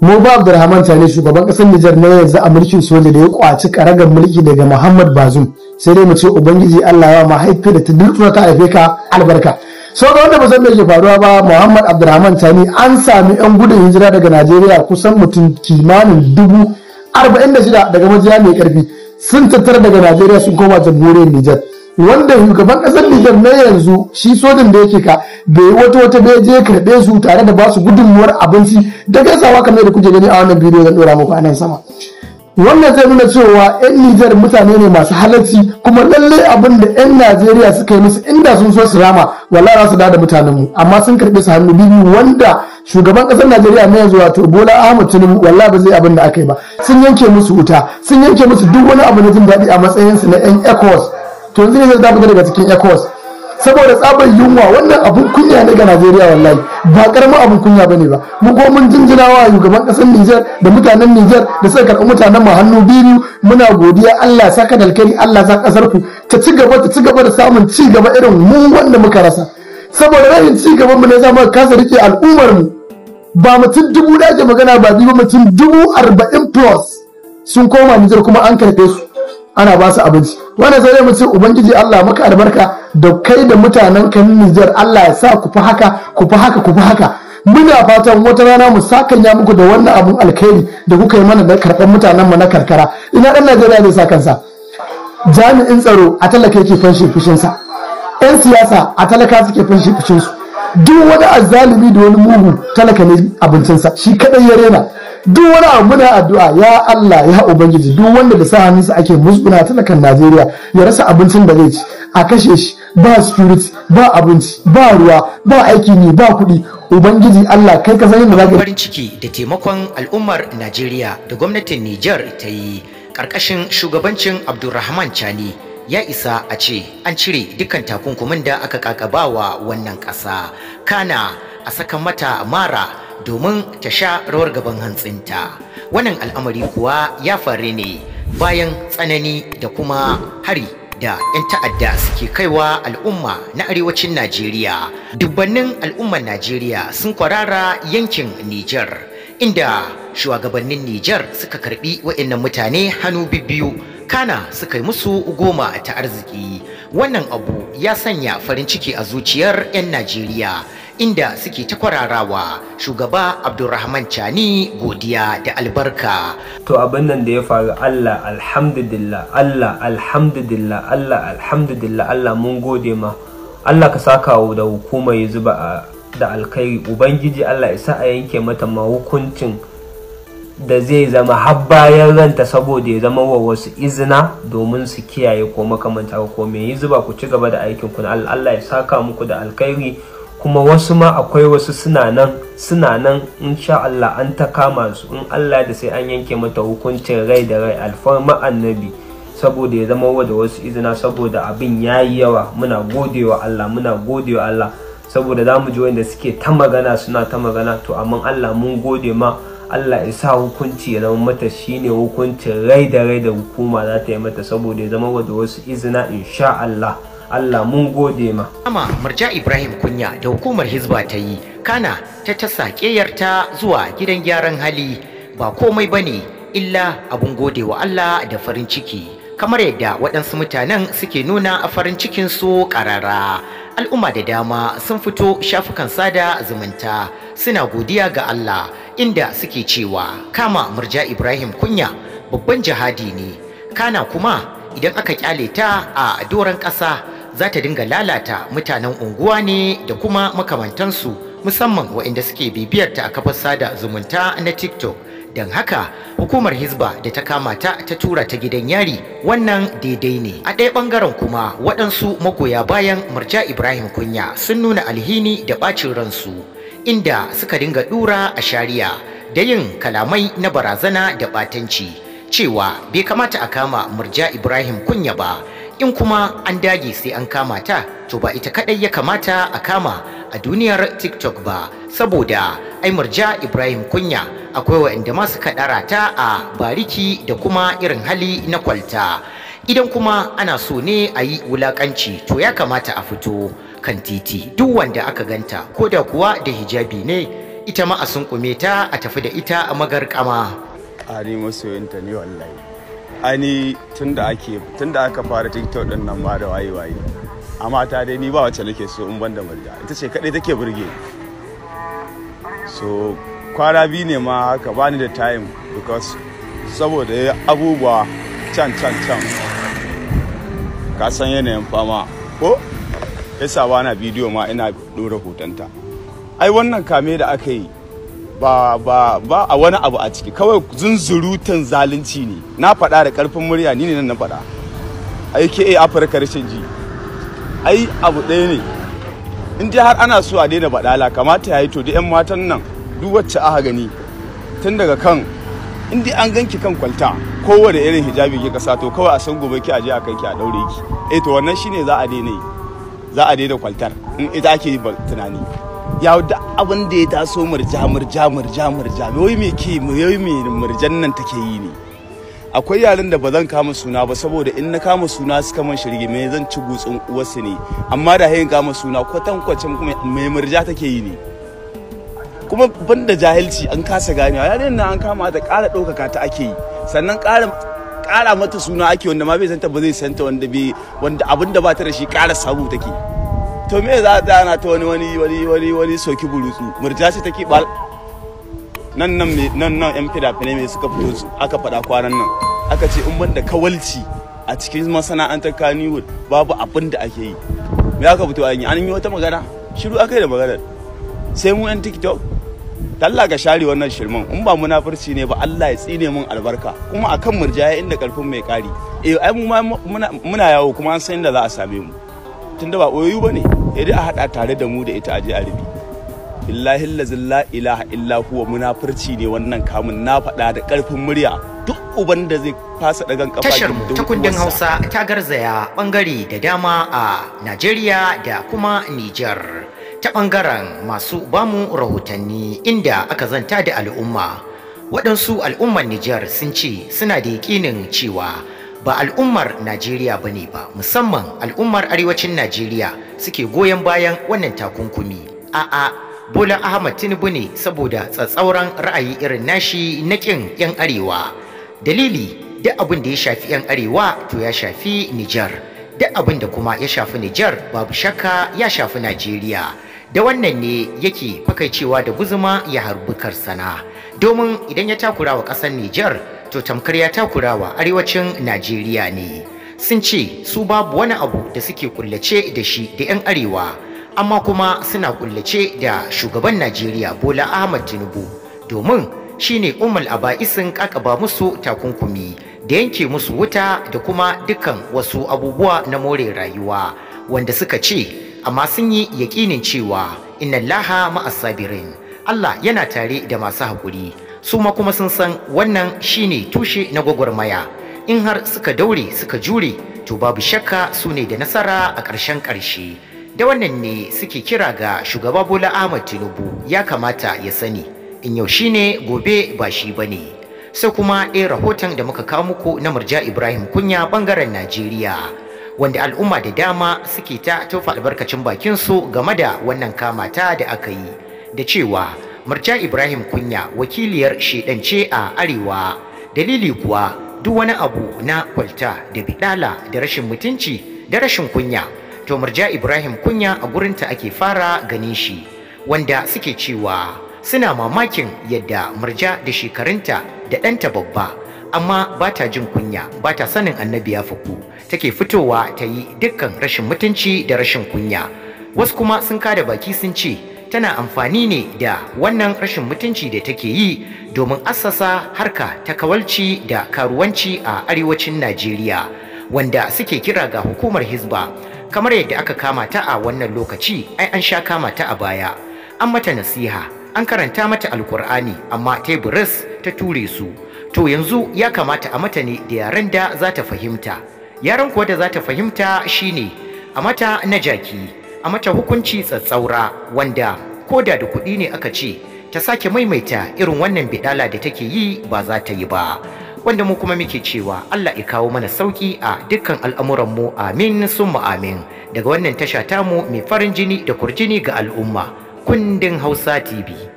Moba Abdulrahman Sani shugaban ƙasar Nijar na yanzu a mulkin soja da ya kwaci karagar mulki daga Muhammad Bazum sai dai mu ce ubangiji Allah ya mahaifi da ta ta haife ka albarka. Sau da wanda ba san ke faruwa ba Muhammad Abdulrahman tani an sami yan gudun hijira daga Najeriya kusan mutum kimanin dubu arba'in da shida daga majiya mai karfi sun tattara daga Najeriya sun koma jamhuriyar Nijar. wanda shugaban kasar Nijar na yanzu shi sojin da yake ka bai wata wata bai je karɓe su tare da basu gudunmuwar abinci da gaisawa kamar da kuke gani a wannan bidiyo zan dora muku a nan sama wannan zai nuna cewa 'yan Nijar mutane ne masu halarci kuma lallai abin da 'yan Najeriya suka yi musu inda sun so su rama wala za su da mutanenmu amma sun karɓi su hannu biyu wanda shugaban ƙasar Najeriya na yanzu wato Bola Ahmad Tinubu wala ba zai abin da aka yi ba sun yanke musu wuta sun yanke musu duk wani abu na jin daɗi a matsayinsu na 'yan ECOWAS to yanzu ne zai fita daga cikin ecowas saboda tsabar yunwa wannan abun kunya ne ga najeriya wallahi ba karamin abun kunya ba ne ba mu ko mun jinjina wa shugaban kasar niger da mutanen niger da suka karɓi mutanen mu hannu biyu muna godiya allah saka dalkari allah sa kasar ku ta ci gaba ta ci gaba da samun ci gaba irin mu wanda muka rasa saboda rashin ci gaban mu ne za mu kasa rike al'ummar mu ba mutum dubu da magana ba biyu mutum dubu arba'in plus sun koma nijar kuma an karɓe su ana ba su abinci wannan sai mu ce ubangiji Allah maka albarka da kai da mutanen kan Nijar Allah ya sa ku fi haka ku fi haka ku fi haka muna fatan wata rana mu sakanya muku da wannan abun alkhairi da kuka yi mana da karɓar mutanen mu na karkara ina dan Najeriya zai sakansa? jami'in tsaro a talaka yake fanshi sa yan siyasa a talaka suke fanshi su duk wani azzalumi da wani mugu talaka ne abincinsa shi kadai ya rena duk wani abu muna addu'a ya Allah ya ubangiji duk wanda da sa hannunsa ake musguna talakan Najeriya ya rasa abincin da zai ci a kashe shi ba security ba abinci ba ruwa ba aiki ne ba kuɗi ubangiji Allah kai ka san da zaka farin ciki da taimakon al'ummar Najeriya da gwamnatin Niger ta yi karkashin shugabancin Abdulrahman Chani ya isa a ce an cire dukkan takunkumin da aka kakabawa wannan ƙasa kana a saka mata mara domin ta sha rawar gaban hantsinta wannan al'amari kuwa ya faru ne bayan tsanani da kuma hari da 'yan ta'adda suke kaiwa al'umma na arewacin najeriya dubbannin al'ummar najeriya sun kwarara yankin niger inda shugabannin niger suka karbi wa'annan mutane hannu biyu kana suka yi musu goma ta arziki wannan abu ya sanya farin ciki a zuciyar 'yan najeriya inda suke ta kwararawa shugaba abdulrahman cani godiya da albarka to abin nan da ya faru allah alhamdulillah allah alhamdulillah allah alhamdulillah allah mun gode ma allah ka saka da hukuma ya zuba da alkhairi ubangiji allah isa a yanke mata ma hukuncin da zai zama har bayan ranta saboda ya zama wa wasu izina domin su kiyaye ko makamanta ko me yi zuba ku ci gaba da aikin ku Allah ya saka muku da alkhairi kuma wasu ma akwai wasu suna nan suna nan insha Allah an ta kama su in Allah da sai an yanke mata hukuncin rai da rai alfarma annabi saboda ya zama da wasu izina saboda abin ya yi yawa muna gode wa Allah muna gode wa Allah saboda za mu ji wanda suke ta magana suna ta magana to amma Allah mun gode ma Allah ya sa hukunci ya zama mata shine hukuncin rai da rai da hukuma za ta yi mata saboda ya zama da wasu izina insha Allah Allah mun gode ma amma Murja Ibrahim Kunya da hukumar Hizba ta yi kana ta tasa keyarta zuwa gidan gyaran hali ba komai bane illa abun gode wa Allah da farin ciki kamar yadda waɗansu mutanen suke nuna a farin cikin su ƙarara al'umma da dama sun fito shafukan sada zumunta suna godiya ga Allah inda suke cewa kama murja Ibrahim kunya babban jihadi ne kana kuma idan aka kyale ta a doron ƙasa za ta dinga lalata mutanen unguwa ne da kuma makamantansu musamman waɗanda suke bibiyar ta a kafar sada zumunta na TikTok. Don haka hukumar Hizba da ta kama ta ta tura ta gidan yari wannan daidai ne. A ɗaya ɓangaren kuma waɗansu magoya bayan Murja Ibrahim Kunya sun nuna alhini da ɓacin ransu inda suka dinga ɗura a shari'a da yin kalamai na barazana da ɓatanci cewa bai kamata a kama Murja Ibrahim Kunya ba in kuma an dage sai an kama ta to ba ita kadai ya kamata a kama a duniyar tiktok ba saboda ai ibrahim kunya akwai wa'anda masu masu ta a bariki da kuma irin hali na kwalta idan kuma ana so ne a yi wulakanci to ya kamata a fito kan titi duk wanda aka ganta ko da kuwa da hijabi ne ita ma a sunkume ta a tafi da ita a magarkama a ni masoyinta ne wallahi ani tun da ake tun da aka fara tiktok din nan ma da waye waye amma ta dai ni ba wacce nake so in banda murya ita ce kadai take burge so kwara biyu ne ma haka bani da time because saboda abubuwa can can can ka san yanayin fama ko yasa ba na bidiyo ma ina dora hotonta ai wannan kame da aka yi ba ba ba a wani abu a ciki kawai zunzurutan zalunci ne na faɗa da ƙarfin murya ni ne nan na faɗa aka eh, afirka rashin ji ai abu ɗaya ne in dai har ana so a daina baɗala kamata ya yi to da 'yan matan nan duk wacce aka gani tun daga kan in dai an ganki kan kwalta kowane irin hijabi ke kasa to kawai a san gobe ki je a kai ki a daure ki eh to wannan shine za a daina za a daina kwaltar in ita ake tunani ya duk abin da ya taso murja murja murja murja yoyi me ke yoyi me murjan nan take yi ne akwai yaren da ba zan kama suna ba saboda in na kama suna suka man shirgi me zan ci gutsun uwarsu ne amma da hayin kama suna kwatan kwacin kuma me murja take yi ne kuma banda jahilci an kasa ganewa yaren nan an kama ta ƙara ɗaukaka ta ake yi sannan ƙara kara mata suna ake wanda ma bai santa ba zai santa wanda bai wanda abin da ba ta da shi kara samu take to me za ta ana ta wani wani wani wani wani soki burutsu murja ce ta kibal nan nan nan nan yan fina mai suka fito su aka faɗa kwanan nan aka ce in ban da kawalci a cikin masana'antar kaniwood babu abin da ake yi me aka fito an yi an yi wata magana shiru aka yi da maganar sai mu yan tiktok talla ga share wannan shirman in ba munafurci ne ba Allah ya tsine mun albarka kuma akan murjaya inda karfin mai kari eh ai mu muna yawo kuma an san inda za a same mu tunda ba ne? bane dai a haɗa tare da mu da ita aje a rubi illahi lazin ilaha illa huwa munafurci ne wannan kamun na faɗa da ƙarfin murya duk uban da zai fasa dagan kafa tashar mu ta kundin Hausa ta garzaya ɓangare da dama a Najeriya da kuma Niger ta ɓangaren masu bamu rahotanni inda aka zanta da al'umma waɗansu al'umman Niger sun ce suna da yaƙinin cewa ba al'ummar Najeriya ba ne ba musamman al'ummar arewacin Najeriya suke goyon bayan wannan takunkumi a'a Bola Ahmad Tinubu ne saboda tsatsauran ra'ayi irin nashi na ƙin 'yan arewa dalili duk abin da ya shafi 'yan arewa to ya shafi Nijar duk abin da kuma ya shafi Nijar babu shakka ya shafi Najeriya da wannan ne yake fakaicewa da guzuma ya harbi karsana domin idan ya takura wa ƙasar Nijar to tamkar ya takurawa arewacin Najeriya ne. Sun ce su babu wani abu da suke kullace da shi da 'yan arewa, amma kuma suna kullace da shugaban Najeriya Bola Ahmad Tinubu domin shine umul aba'isin kakaba musu takunkumi da yanke musu wuta da kuma dukan wasu abubuwa na more rayuwa wanda suka ce amma sun yi yaƙinin cewa inna laha ma'asabirin Allah yana tare da masu haƙuri su ma kuma sun san wannan shine tushe na gwagwarmaya in har suka daure suka jure to babu shakka su ne da nasara a ƙarshen ƙarshe da wannan ne suke kira ga shugaba bola ahmad tinubu ya kamata ya sani in yau shine gobe ba shi ba ne, sai kuma ɗaya rahoton da muka kawo muku na murja ibrahim kunya bangaren najeriya wanda al'umma da dama suke ta tofa albarkacin bakinsu game da wannan kamata da aka yi da cewa Murja Ibrahim Kunya wakiliyar shedance a Arewa dalili kuwa duk wani abu na kwalta da bidala da rashin mutunci da rashin kunya to Murja Ibrahim Kunya a gurinta ake fara ganin shi wanda suke cewa suna mamakin yadda Murja da shekarunta da ɗanta babba amma ba ta jin kunya ba ta sanin annabi ya faku take fitowa ta yi dukkan rashin mutunci da rashin kunya wasu kuma sun kada baki sun ce tana amfani ne da wannan rashin mutunci da take yi domin assasa harka ta kawalci da karuwanci a arewacin Najeriya wanda suke kira ga hukumar Hizba kamar yadda aka kama ta a wannan lokaci ai an sha kama ta a baya an mata nasiha an karanta mata alkur'ani amma teburis ta ture su to yanzu ya kamata a mata ne da yaren da za ta fahimta yaren kuwa da za ta fahimta shine a mata na jaki a mata hukunci tsatsaura wanda koda da kuɗi ne aka ce ta sake maimaita irin wannan bidala da take yi ba za ta yi ba wanda mu kuma muke cewa Allah ya kawo mana sauki a dukkan al'amuranmu amin summa amin daga wannan tasha tamu mai farin jini da kurjini ga al'umma kundin Hausa TV